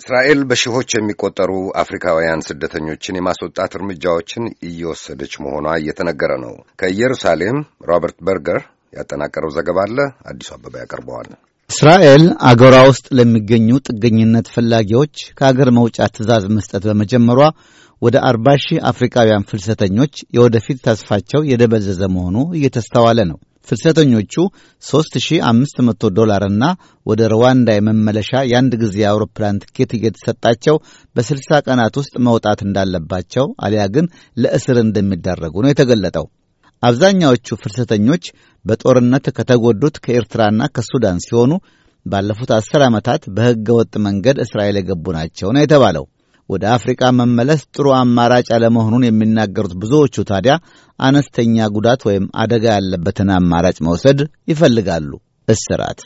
እስራኤል በሺዎች የሚቆጠሩ አፍሪካውያን ስደተኞችን የማስወጣት እርምጃዎችን እየወሰደች መሆኗ እየተነገረ ነው። ከኢየሩሳሌም ሮበርት በርገር ያጠናቀረው ዘገባ አለ፣ አዲሱ አበባ ያቀርበዋል። እስራኤል አገሯ ውስጥ ለሚገኙ ጥገኝነት ፈላጊዎች ከአገር መውጫ ትዕዛዝ መስጠት በመጀመሯ ወደ አርባ ሺህ አፍሪካውያን ፍልሰተኞች የወደፊት ተስፋቸው የደበዘዘ መሆኑ እየተስተዋለ ነው። ፍልሰተኞቹ 3500 ዶላርና ወደ ሩዋንዳ የመመለሻ የአንድ ጊዜ የአውሮፕላን ትኬት እየተሰጣቸው በ60 ቀናት ውስጥ መውጣት እንዳለባቸው አሊያ ግን ለእስር እንደሚዳረጉ ነው የተገለጠው። አብዛኛዎቹ ፍልሰተኞች በጦርነት ከተጎዱት ከኤርትራና ከሱዳን ሲሆኑ ባለፉት አስር ዓመታት በሕገ ወጥ መንገድ እስራኤል የገቡ ናቸው ነው የተባለው። ወደ አፍሪቃ መመለስ ጥሩ አማራጭ አለመሆኑን የሚናገሩት ብዙዎቹ ታዲያ አነስተኛ ጉዳት ወይም አደጋ ያለበትን አማራጭ መውሰድ ይፈልጋሉ። እስራት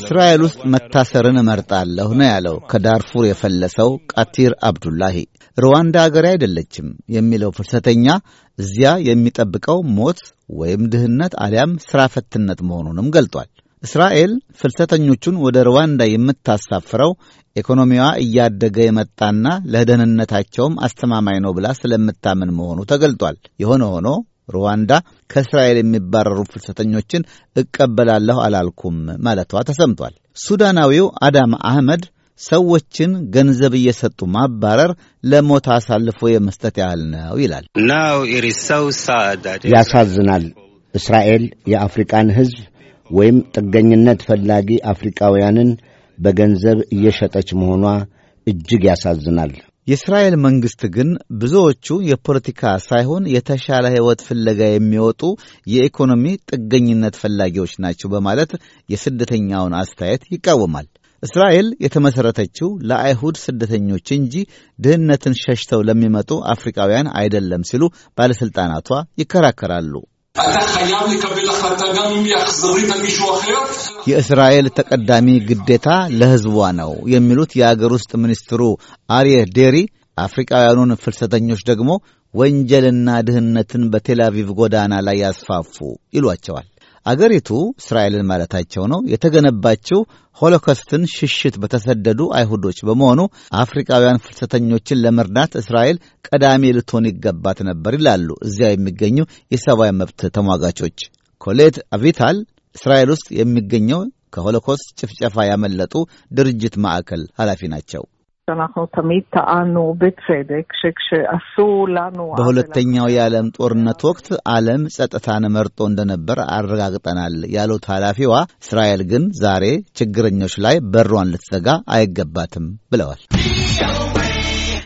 እስራኤል ውስጥ መታሰርን እመርጣለሁ ነው ያለው ከዳርፉር የፈለሰው ቃቲር አብዱላሂ። ሩዋንዳ አገሬ አይደለችም የሚለው ፍልሰተኛ እዚያ የሚጠብቀው ሞት ወይም ድህነት አሊያም ስራ ፈትነት መሆኑንም ገልጧል። እስራኤል ፍልሰተኞቹን ወደ ሩዋንዳ የምታሳፍረው ኢኮኖሚዋ እያደገ የመጣና ለደህንነታቸውም አስተማማኝ ነው ብላ ስለምታምን መሆኑ ተገልጧል። የሆነ ሆኖ ሩዋንዳ ከእስራኤል የሚባረሩ ፍልሰተኞችን እቀበላለሁ አላልኩም ማለቷ ተሰምቷል። ሱዳናዊው አዳም አህመድ ሰዎችን ገንዘብ እየሰጡ ማባረር ለሞት አሳልፎ የመስጠት ያህል ነው ይላል። ያሳዝናል። እስራኤል የአፍሪቃን ሕዝብ ወይም ጥገኝነት ፈላጊ አፍሪቃውያንን በገንዘብ እየሸጠች መሆኗ እጅግ ያሳዝናል። የእስራኤል መንግሥት ግን ብዙዎቹ የፖለቲካ ሳይሆን የተሻለ ሕይወት ፍለጋ የሚወጡ የኢኮኖሚ ጥገኝነት ፈላጊዎች ናቸው በማለት የስደተኛውን አስተያየት ይቃወማል። እስራኤል የተመሠረተችው ለአይሁድ ስደተኞች እንጂ ድህነትን ሸሽተው ለሚመጡ አፍሪካውያን አይደለም ሲሉ ባለሥልጣናቷ ይከራከራሉ። የእስራኤል ተቀዳሚ ግዴታ ለሕዝቧ ነው የሚሉት የአገር ውስጥ ሚኒስትሩ አርየ ዴሪ አፍሪቃውያኑን ፍልሰተኞች ደግሞ ወንጀልና ድህነትን በቴላቪቭ ጎዳና ላይ ያስፋፉ ይሏቸዋል። አገሪቱ እስራኤልን ማለታቸው ነው የተገነባችው ሆሎኮስትን ሽሽት በተሰደዱ አይሁዶች በመሆኑ አፍሪካውያን ፍልሰተኞችን ለመርዳት እስራኤል ቀዳሚ ልትሆን ይገባት ነበር ይላሉ እዚያ የሚገኙ የሰብአዊ መብት ተሟጋቾች። ኮሌት አቪታል እስራኤል ውስጥ የሚገኘው ከሆሎኮስት ጭፍጨፋ ያመለጡ ድርጅት ማዕከል ኃላፊ ናቸው። שאנחנו תמיד טענו בצדק שכשעשו לנו... በሁለተኛው የዓለም ጦርነት ወቅት ዓለም ጸጥታን መርጦ እንደነበር አረጋግጠናል ያሉት ኃላፊዋ፣ እስራኤል ግን ዛሬ ችግረኞች ላይ በሯን ልትዘጋ አይገባትም ብለዋል።